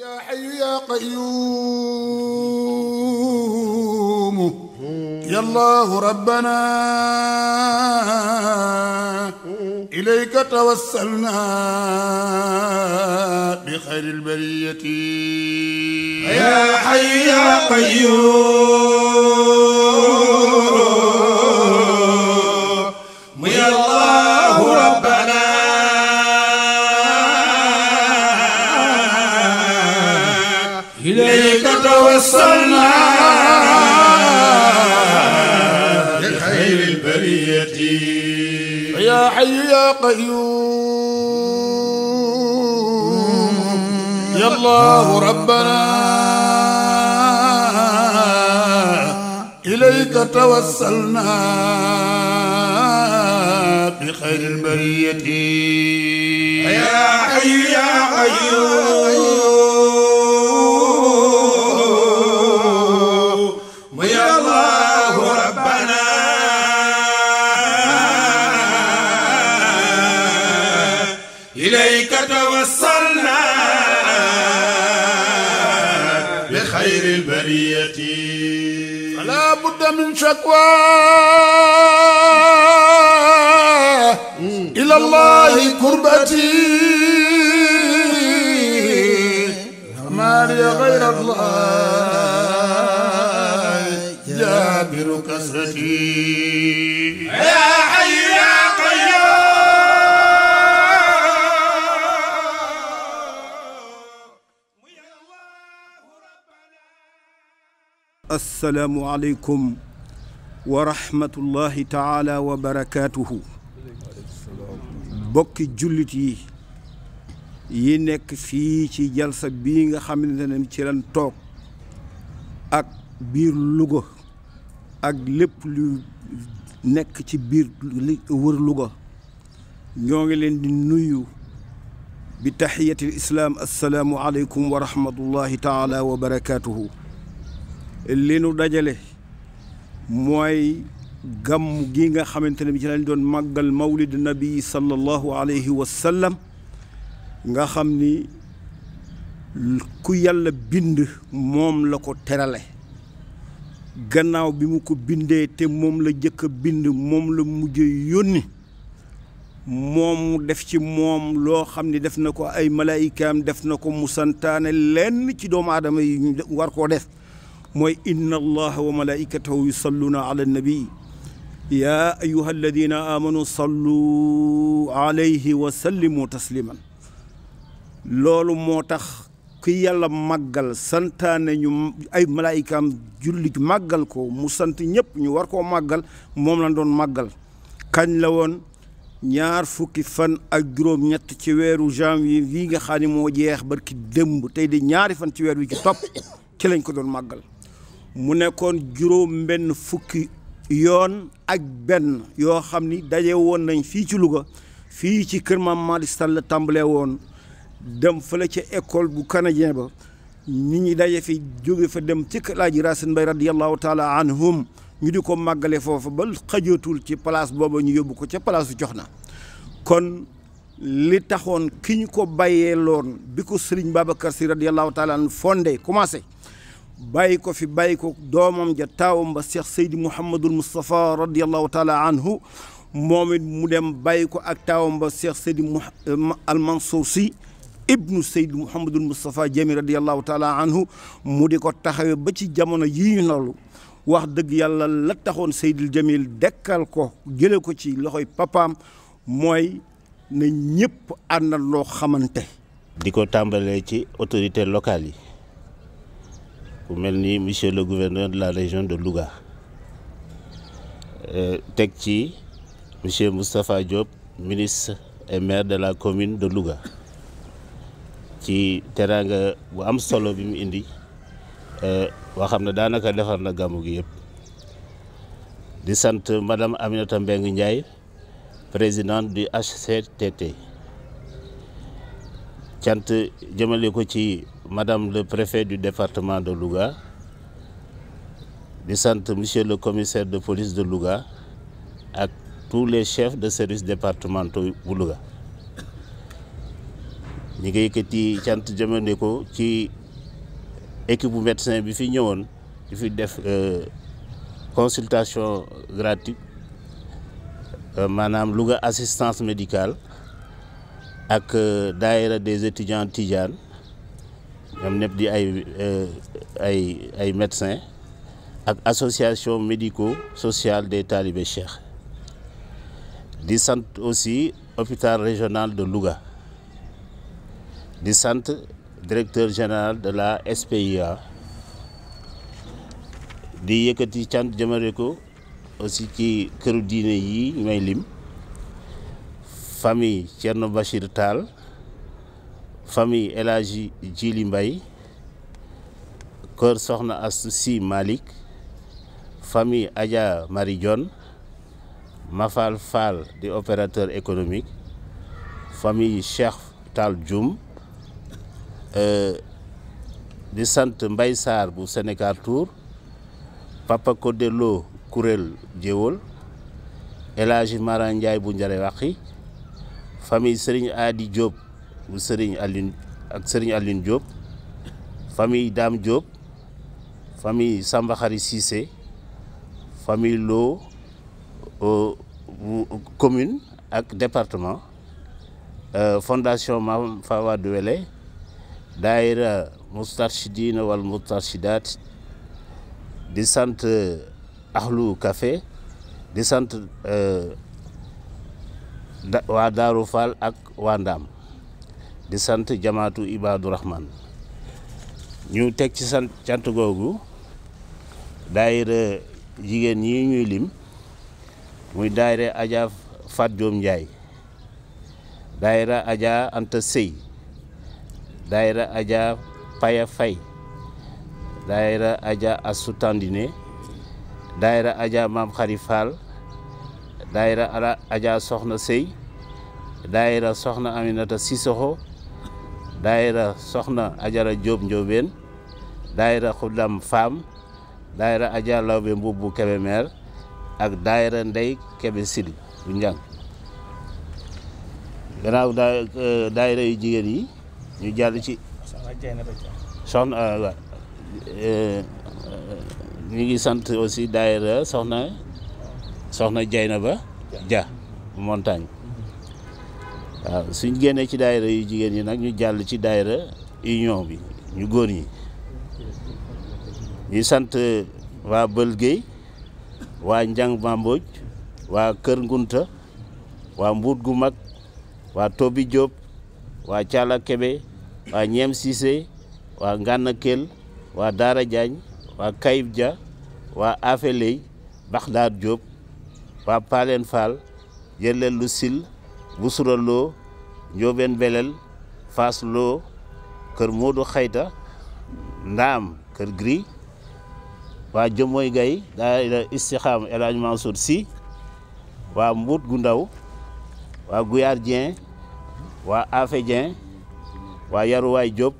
يا حي يا قيوم يا الله ربنا إليك توسلنا بخير البرية يا حي يا قيوم يا الله ربنا وصلنا لخير البرية يا حي يا قيوم يا الله ربنا إليك توسلنا بخير البرية يا حي يا قيوم إليك توصلنا بخير البرية فلا بد من شكوى إلى الله كربتي ما لي غير الله جابر كسرتي السلام عليكم ورحمة الله تعالى وبركاته bokki jullit yi yi nekk fii ci jalsa bii nga xamante ne ci lan toog ak biir Louga ak lépp lu nekk ci biir li wër Louga ñoo ngi leen di nuyu bi taxiyatil islaam assalaamu aleykum wa rahmatullahi taala wa barakaatuhu li nu dajale mooy gàmm gi nga xamante ne bi ci lañ doon màggal mawlid nabi sallallahu alayhi wa sallam nga xam ni ku yàlla bind moom la ko terale gannaaw bi mu ko bindee te moom la jëkk a bind moom la mujj yónni moom def ci moom loo xam ni def na ko ay malaayikaam def na ko mu santaane lenn ci doomu aadama yi war koo def mooy inna allaha wa malaikatahu yusalluna ala annabi yaa ayuha alladina amanu sallu alayhi wa sallimu tasliman loolu moo tax ku yàlla màggal santaane ñu ay malaayikaam jullit màggal ko mu sant ñëpp ñu war koo màggal moom la doon màggal kañ la woon ñaar fukki fan ak juróom-ñett ci weeru janvier bii nga xam ne jeex barki démb tey di ñaari fan ci weer ci topp ci lañ ko doon màggal mu nekkoon juróom benn fukki yoon ak benn yoo xam ni daje woon nañ fii ci Louga fii ci kër Mame Malick Sall la tàmbalee woon dem fële ca école bu canadien ba nit ñi daje fi jóge fa dem ci kër Alaaji Racine Mbaye radiyallahu taala anhum ñu di ko màggale foofa ba xajootul ci place booba ñu yóbbu ko ci palaasu jox na kon li taxoon ki ñu ko bàyyee loon bi ko Serigne Babacar Sy radiyallahu taala an fondé commencé bàyyi ko fi bàyyi ko doomam ja taawam ba Cheikh Seydi Mouhamadul Moustapha radiyallahu taala anhu moom it mu dem bàyyi ko ak taawam ba Cheikh Seydi Al Mansour Sy ibnu Seydi Mouhamadul Moustapha Jami radiyallahu taala anhu mu di ko taxawee ba ci jamono yii ñu nolu wax dëgg yàlla la taxoon Seydil Jamil dekkal ko jële ko ci loxoy papaam mooy na ñëpp àndal loo xamante. di ko tàmbalee ci autorités locales yi. ku mel ni monsieur le gouverneur de la région de Louga euh, teg ci monsieur Moustapha Diop ministre et maire de la commune de Louga ci teranga bu am solo bi mu indi euh wa ne danaka defar na gàmmu gi yeb. di sante madame Aminata Mbengue Ndiaye présidente du HCTT cant jëmale ko ci Madame le préfet du département de Louga M. monsieur le commissaire de police de Louga à tous les chefs de service départementaux de Louga Nous avons yëkkati cant de ci équipe Madame médecin euh, consultation gratuite euh, madame Louga assistance médicale avec euh, des étudiants Tijan. Nous avons des médecins association médico-sociale des talibé chers. di aussi hôpital régional de Louga di directeur général de la SPIA di aussi aussi qui famille famille El jili mbay Mbaye Soxna Astu Si Malick famille Adja Marie Dione Mafal Fall di opérateur économique famille Cheikh Tall Dioum euh, di sant Mbaye bu Sénégal Tour Papa Kodelo Kurel Jéewol El Hadji Ndiaye bu Njare Waqi famille Serigne Adi Diop Serigne Diop famille Dame Diop famille Samba khari famille Lo euh, commune et département euh, fondation mam Fawa Duwele daïra Moustarchidina wal Moustarchidat di euh, Ahlu Café di euh, waa ak di sant jamatu Ibaadu Rahman ñu teg ci sant cant googu daayira jigéen ñi ñuy lim muy daayira Adja Fat Joom Njaay daayira Adja Anta Sëy daayira Adja Paya Fay daayira Adja Asu Tandine daayira Maam Xari Fall daayira Adja Soxna séy daayira Soxna Aminata Sisoxo daayira soxna ajara Diop Ndiobène daayira Xuddam Femme daayira Adja Lawbe Mbubu Kébémer ak daayira Ndey Kébé Sidi bu njàng ganaaw daa euh, daayira yu jigéen yi ñu jàll ci soxna euh, waaw euh, ñu ngi sant aussi daayira soxna soxna Jaynaba Dia montagne waaw suñ génnee ci daayira yu jigéen ñi nag ñu jàll ci daayira union bi ñu góor yi ñuy sant waa Bël Guèye waa Njang Bamboj waa Kër Ngunta waa Mbuut gu mag waa Tobi Diop waa Caala Kebe waa Ñeem Cissé waa Ngana Kell waa Daara Diagne waa Kayib Dia waa Afeley Baxdaar Diop waa Palen Fall Yelel Lu Sil Busura Lo Njoobeen Belel Faas Lo kër Modou Xayta Ndaam kër Gris waa Jëmooy Gay daayira Istixaam El Hadj Mansour Sy waa Mbuut gu ndaw waa Guyaar Dieng waa Afe Dieng waa Yaruwaay Diop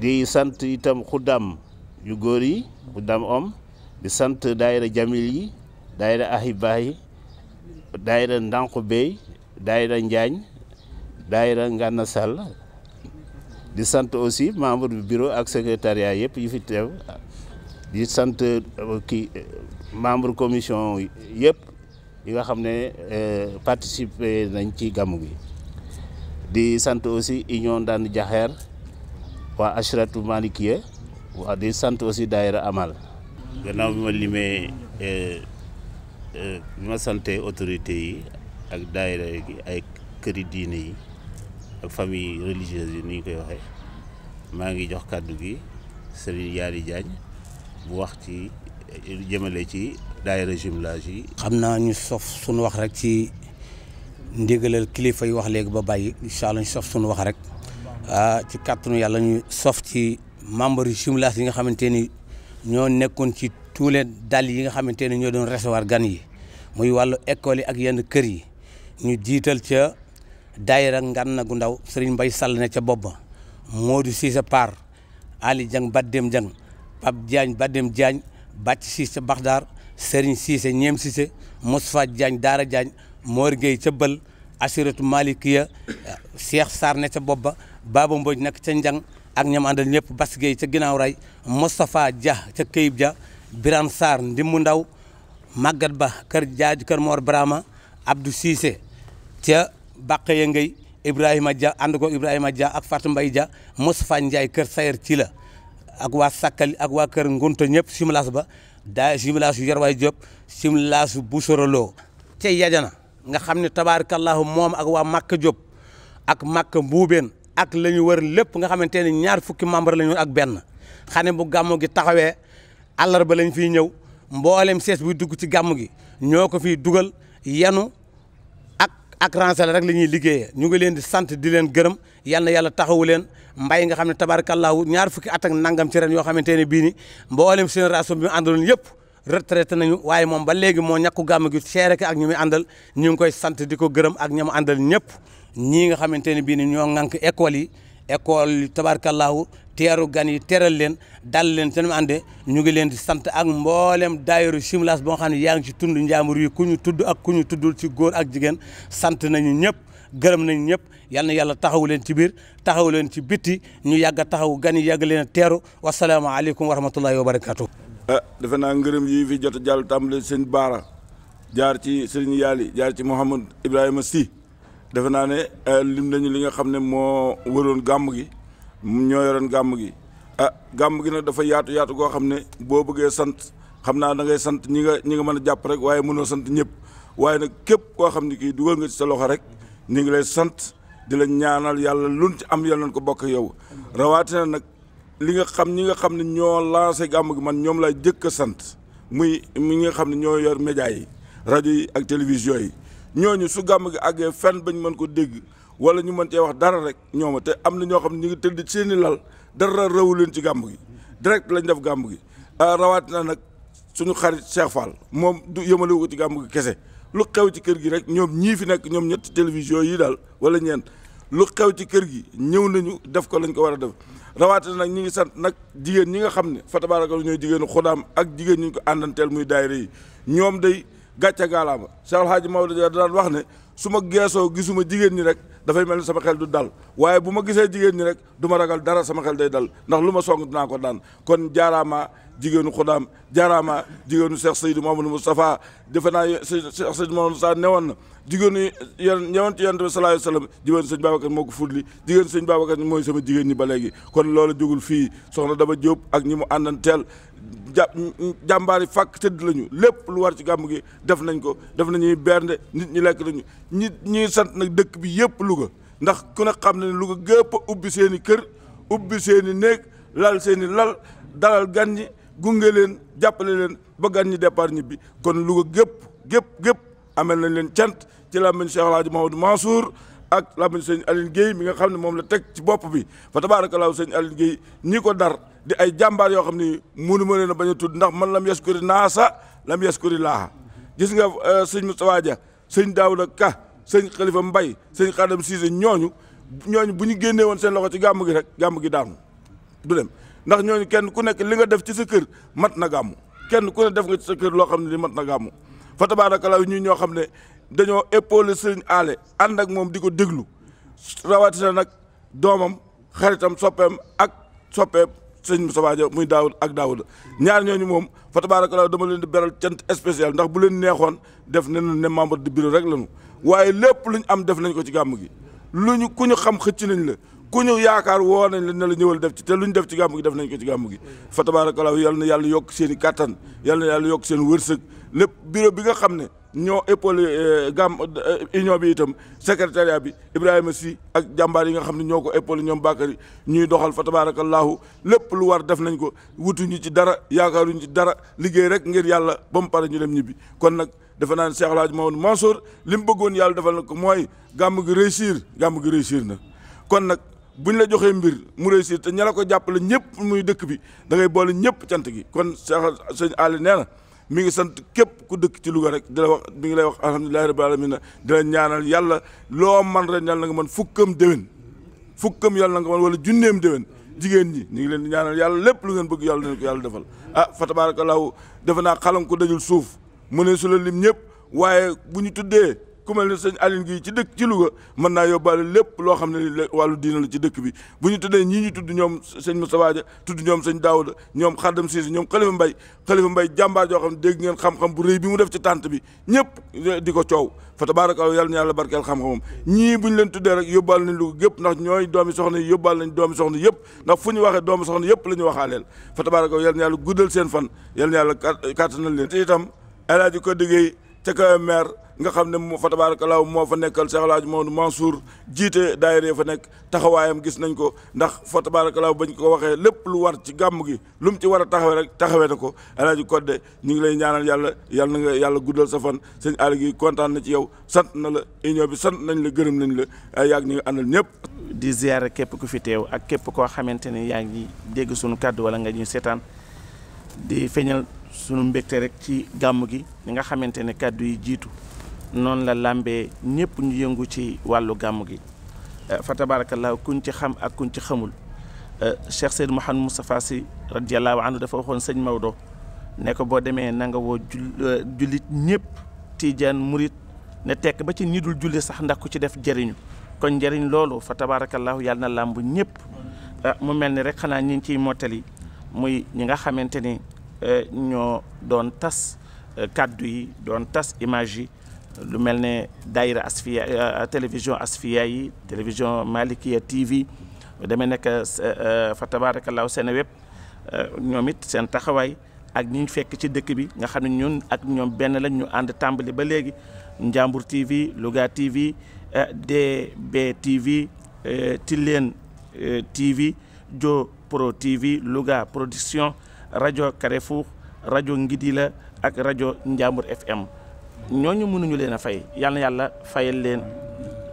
di sant itam xuddam yu góor yi xuddam om di sant daayira Jamil yi daayira Ahibaa yi daayira Ndànku Bey daayira Njaañ daayira Ngana Sall di sant aussi membre du bureau ak secrétariat yëpp yu fi teew di sant euh, kii euh, membre commission yëpp yi nga xam ne euh, participer nañ ci gàmmu gi di sant aussi union daan jaxeer waa ashratu malikiye waa di sant aussi daayira amal gannaaw bi ma limee bi ma sante autorité yi ak daayira gi ay këri diine yi ak famille religieuse yi ni ñu koy waxee maa ngi jox kàddu gi Serigne Yaali Diagne bu wax ci jëmale ci daayira jumelage yi. xam naa ñu sof suñu wax rek ci ndigalal kilifa yi wax léegi ba bàyyi incha allah sof suñu wax rek ah, ci kàttanu yàlla ñu sof ci membre yu jumelage yi nga xamante ni ñoo nekkoon ci tous les dal yi nga xamante ne ñoo doon recevoir gan yi muy wàllu école yi ak yenn kër yi. ñu jiital ca daayira Ngana gu ndaw Serigne Mbaye Sall ne ca bopp ba Modou Cissé Paar Ali Dieng Badem Dieng Pape Diagne Badem Diagne Bàcc Cissé Baxdaar Serigne Cissé Ñeem Cissé Moustapha Diagne Daara Diagne Mor Gueye ca Bël Asiratu Malikiya Cheikh Sarr ne ca bopp ba Baba Mbodj nekk ca Njang ak ñam àndal ñëpp Bas Gueye ca ginnaaw ray Moustapha Dia ca Kayib ja Birane Sarr Ndimbu Ndaw Magat Ba kër Jaaj kër Mor Brahma Abdou Cissé ca baqaya ngay ibrahima dia and ko ibrahima dia ak fatou mbay dia moustapha ndiaye kër sayer ci la ak waa sakkal ak waa kër ngunta ñëpp simulaas ba daa simulaas yor waay diop simulaas bu soroloo ca yajana nga xam ne tabarakallahu moom ak waa makka diop ak makka mbuubeen ak la ñu wër lépp nga xamante ne ñaar fukki membre la ak xane bu gi lañ dugg ci gi dugal yanu ak Ranselé rek la ñuy liggéeyee ñu ngi leen di sant di leen gërëm yal na yàlla taxawu leen mbay nga xam ne tabarakallaahu ñaar fukki at ak nangam ci ren yoo xamante ne bii ni mboolem génération bi mu àndaloon yëpp retraité nañu waaye moom ba léegi moo ñàkku gàmm gi seere ak ñu muy àndal ñu ngi koy sant di ko gërëm ak ña mu àndal ñëpp ñii nga xamante ne bii ni ñoo ŋànk école yi école tabarakallaahu teeru gan yi teral leen dal leen seen ànde ñu ngi leen di sant ak mboolem daayiru Chimelaas boo xam ne yaa ngi ci tund njaambur yi ku ñu tudd ak ku ñu tuddul ci góor ak jigéen sant nañu ñëpp gërëm nañu ñëpp yal na yàlla taxawu leen ci biir taxawu leen ci bitti ñu yàgg a taxawu gan yi yàgg leen a teeru wasalaamaaleykum wa rahmatullahi wa barakaatu. ah defe naa ngërëm yi fi jot jal jàll tàmbale seen baara jaar ci Serigne Yaali jaar ci Mouhamed Ibrahima Sy defe naa ne eh, lim nañu li nga xam ne moo wëroon gàmm gi. ñoo yoroon gàmm gi ah gàmm gi nag dafa yaatu yaatu goo xam ne boo bëggee sant xam naa da ngay sant ñi nga ñi nga mën a jàpp rek waaye mënoo sant ñëpp waaye nag képp koo xam ne kii dugal nga ci sa loxo rek ñu ngi lay sant di la ñaanal yàlla luñ ci am yal nañ ko bokk yow rawatina nag li nga xam ñi nga xam ne ñoo lancé gàmm gi man ñoom lay jëkk sant muy mi nga xam ne ñoo yor média yi rajo yi ak télévision yi ñooñu su gàmm gi àggee fenn bañ mën ko dégg wala ñu mën cee wax dara rek ñooma te am na ñoo xam ne ñu ngi tëdd seen i lal dara rawu leen ci gàmb gi direct lañ def gàmb gi ah, na nag suñu xarit Cheikh Fall moom du yëmale ko ci gàmb gi kese lu xew ci kër gi rek ñoom ñii fi nekk ñoom ñetti télévision yi daal wala ñeent lu xew ci kër gi ñëw nañu def ko lañ ko war a def rawatina nag ñi ngi sant nag jigéen ñi nga xam ne fa tabaaraka ñooy jigéenu xudaam ak jigéen ñu ñu ko àndanteel muy daayira yi ñoom day gàcce gaalaama Cheikh Alhaaji Maodo daan wax ne su ma geesoo gisuma jigéen ñi rek dafay mel ni sama xel du dal waaye bu ma gisee jigéen ñi rek du ma ragal dara sama xel day dal ndax lu ma song dinaa ko daan kon jaaraama jigéenu xudaam jaaraama jigéenu Cheikh Seydou Mamadou Moustapha defe naa Cheikh Seydou Mamadou Moustapha newoon na jigéenu yon ñewant yonent bi sallallahu alayhi wasallam jigéen sëñ Babacar moo ko fudli jigéen sëñ Babacar mooy sama jigéen ñi ba léegi kon loolu jógul fii soxna dama Diop ak ñi mu àndanteel ja jàmbaari fàkk tëdd lañu lépp lu war ci gàmm gi def nañ ko def nañuy bernde nit ñi lekk nañu ñi ñuy sant nag dëkk bi yëpp Louga ndax ku ne xam ne Louga gépp ubbi seeni kër ubbi seen i néeg lal seen i lal dalal gan gunge leen jàppale leen ba gan ñi départ ñibbi kon Louga gépp gépp gépp amel nañ leen cant ci làmmiñ Cheikh El Hadj Mahamadou Mansour ak làmmiñ sëñ Aline Guèye mi nga xam ne moom la teg ci bopp bi fa tabaarakallaahu sëñ Aline Guèye ñi ko dar di ay jàmbaar yoo xam ni munu ma leen a bañ a tudd ndax man lam yaskuri naasa lam yaskuri laaha gis nga euh, sëñ Moustapha Dia sëñ Daouda Ka sëñ Khalifa Mbaye sëñ Khadam Cissé ñooñu ñooñu bu ñu génnee woon seen loxo ci gàmm gi rek gàmm gi daanu du dem ndax ñooñu kenn ku nekk li nga def ci sa kër mat na gàmmu kenn ku ne def nga ci sa kër loo xam ne li mat na gàmmu fa tabaarakallaa ñu ñoo xam ne dañoo épaulé sëriñ aale ànd ak moom di ko déglu rawatina nag doomam xaritam soppeem ak soppeem sëñ Moussa Badio muy daawud ak daawuda ñaar ñooñu moom fa tabaarakallaa dama leen di beral cant spécial ndax bu leen neexoon def ne ne membre du bureau rek lañu waaye lépp lu ñu am def nañ ko ci gàmm gi lu ñu ku nañ la ku ñu yaakaar woo nañ la ne la ñëwal def ci te lu ñu def ci gàmm gi def nañ ko ci gàmm gi fa tabaarakallaahu yal na yàlla yokk seen i yal na yàlla yokk seen wërsëg lépp bureau bi nga xam ne ñoo épaulé euh, gàmm euh, union bi itam secrétariat bi Ibrahima Sy ak jàmbaar yi nga xam ne ñoo ko épaulé ñoom Bakary ñuy doxal fa tabaarakallaahu lépp lu war def nañ ko wutuñu ci dara yaakaaruñu ci dara liggéey rek ngir yàlla ba mu pare ñu dem ñibbi kon nag defe naa ne Cheikh El Hadj Mamadou Mansour li mu bëggoon yàlla defal na ko mooy gàmm gi réussir gàmm gi réussir na bu ñu la joxee mbir mu réussir te ña la ko jàppale ñëpp muy dëkk bi dangay boole ñëpp cant gi kon Cheikh sëñ Ali nee na mi ngi sant képp ku dëkk ci Louga rek di la wax mi ngi lay wax alhamdulilahi rabbil alamin di la ñaanal yàlla loo man ren yàlla na nga mën fukkam déwén fukkam yàlla na nga mën wala junneem déwén jigéen ñi ñu ngi leen di ñaanal yàlla lépp lu ngeen bëgg yàlla leen ko yàlla defal ah fa tabaarakallahu defe naa xalam ko dajul suuf mu ne la lim ñëpp waaye bu ñu tuddee ku mel ne sëñ Aline gi ci dëkk ci Louga mën naa yóbbaale lépp loo xam ne wàllu diina la ci dëkk bi bu ñu tuddee ñii ñu tudd ñoom sëñ Moustapha Dia tudd ñoom sëñ Daouda ñoom Xaddam Cissé ñoom Khalifa Mbaye Khalifa Mbaye jàmbaar joo xam ne dégg ngeen xam-xam bu rëy bi mu def ci tànt bi ñëpp di ko coow fa tabaaraka yàlla na yàlla barkeel xam-xamam ñii bu ñu leen tuddee rek yóbbaal nañ Louga gépp ndax ñooy doomi soxna yi yóbbaal nañ doomi soxna yëpp ndax fu ñu waxee doomi soxna yëpp la ñu waxaaleel fa tabaaraka yàlla na yàlla guddal seen fan ca ka maire nga xam ne moo fa tabaarakallaa moo fa nekkal Cheikh moo Hadj Maodo Mansour jiite daayira fa nekk taxawaayam gis nañ ko ndax fa ba ñu ko waxee lépp lu war ci gàmm gi lu mu ci war a taxawee rek taxawee na ko El Hadj Codé ñu ngi lay ñaanal yàlla yàlla na nga yàlla guddal sa fan sëñ àll gi kontaan na ci yow sant na la union bi sant nañ la gërëm nañ la yàgg ñu ngi àndal ñëpp. di ziare képp ku fi teew ak képp koo xamante ne yaa ngi dégg suñu kàddu wala nga ñuy seetaan sunu mbégte rek ci gàmm gi li nga xamante ni kàddu yi jiitu noonu la làmbee ñëpp ñu yëngu ci wàllu gàmm gi euh, fa tabaarakallaahu kuñ ci xam ak kuñ ci xamul euh, Cheikh Seyd Mouhamed Moustapha Sy radiallahu anhu dafa waxoon sëñ Maodo ne ko boo demee na nga woo euh, jullit ñëpp tiijaan murit ne tekk ba ci ñi dul julli sax ndax ku ci def jëriñu kon njëriñ loolu fa tabaarakallaahu yàlla na làmb ñëpp mu mel ni rek xanaa ñi ngi ciy mottali muy ñi nga xamante ni Euh, ñoo doon tas euh, des yi tas image lu melne daira asfiya euh, télévision asfiya télévision malikiya tv demé nek fa tabarakallah seen web ñomit sen taxaway ak ñu fekk ci dëkk bi nga xam ñun ak ñom benn lañ ñu ba TV luga TV DB TV Tilleen TV Jo Pro TV Luga Production rajo Carrefour rajo la ak rajo Njambur FM ñoo ñu mënuñu leen a fay yal yàlla fayal leen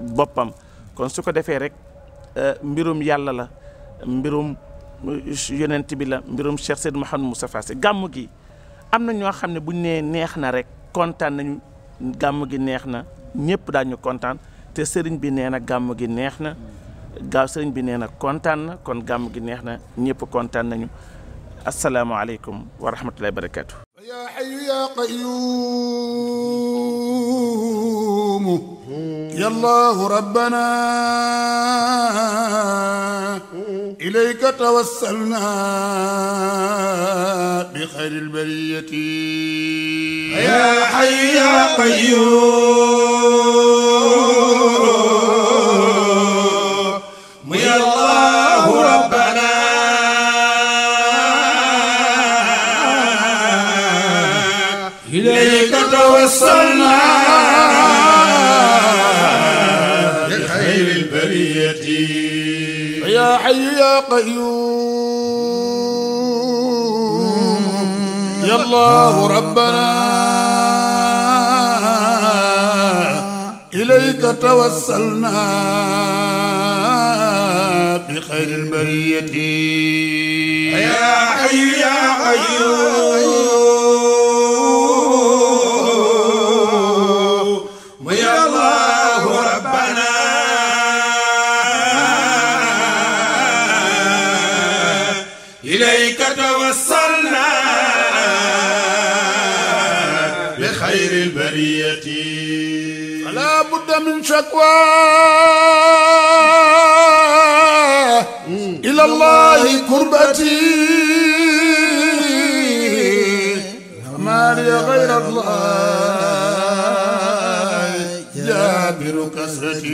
boppam kon su ko defee rek euh, mbirum yàlla la mbirum euh, yenent bi la mbirum Cheikh Seyd Mouhamed Moustapha Sy gàmmu gi am na ñoo xam ne buñ nee neex na rek kontaan nañu gàmm gi neex na ñëpp daañu kontaan te sëriñ bi nee na gàmm gi neex na gaaw bi nee na kontaan na kon gàmm gi neex na ñëpp kontaan nañu السلام عليكم ورحمة الله وبركاته يا حي يا قيوم يا الله ربنا إليك توسلنا بخير البرية يا حي يا قيوم يا الله بريتي يا حي يا قيوم يا الله ربنا إليك توسلنا بخير البرية يا حي يا قيوم لابد من شكوى إلى الله كربتي ما لي غير الله جابر كسرتي